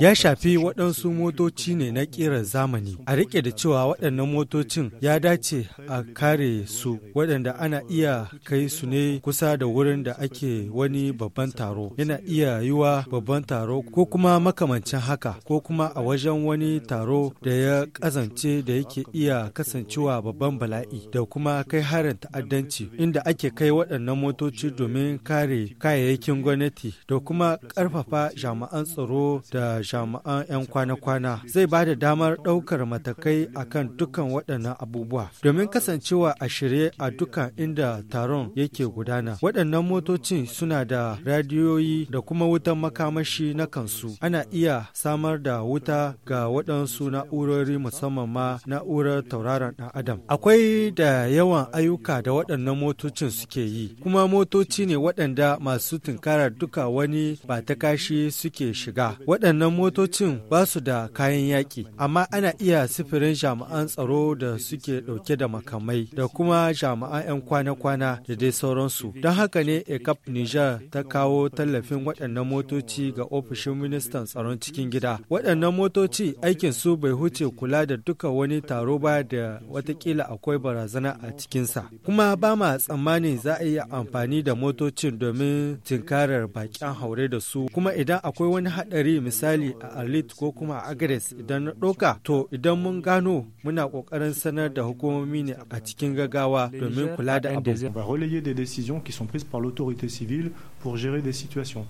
Ya shafi waɗansu motoci ne na ƙirar zamani. A riƙe da cewa waɗannan motocin ya dace a kare su waɗanda ana iya kai su ne kusa da wurin da ake wani babban taro. Yana iya yiwa babban taro ko kuma makamancin haka ko kuma a wajen wani taro da ya kazance da yake iya kasancewa babban bala'i da kuma kai harin ta'addanci inda ake kai waɗannan motoci domin kare kayayyakin gwamnati da kuma karfafa jami'an tsaro da jami'an 'yan kwana-kwana zai ba da damar ɗaukar matakai a kan dukkan waɗannan abubuwa domin kasancewa a shirye a dukkan inda taron yake gudana waɗannan motocin suna da radiyoyi da kuma wutan makamashi na kansu ana iya samar da wuta ga waɗansu na'urori musamman ma na'urar tauraron ɗan adam akwai da yawan ayyuka da waɗannan motocin suke yi kuma motoci ne waɗanda masu tunkarar duka wani ba ba ta kashi suke shiga waɗannan motocin ba su da kayan yaƙi amma ana iya sifirin jama'an tsaro da suke ɗauke da makamai da kuma jama'an 'yan kwana-kwana da dai sauransu don haka ne ecap niger ta kawo tallafin waɗannan motoci ga ofishin ministan tsaron cikin gida waɗannan motoci aikin su bai huce kula da duka wani taro ba da watakila akwai barazana a cikinsa kuma ba ma tsammanin za a iya amfani da motocin domin tinkarar baƙin haure da su kuma idan akwai wani haɗari misali a Arlit ko kuma a Agres idan na ɗauka to idan mun gano muna ƙoƙarin sanar da hukumomi ne a cikin gaggawa domin kula da abu.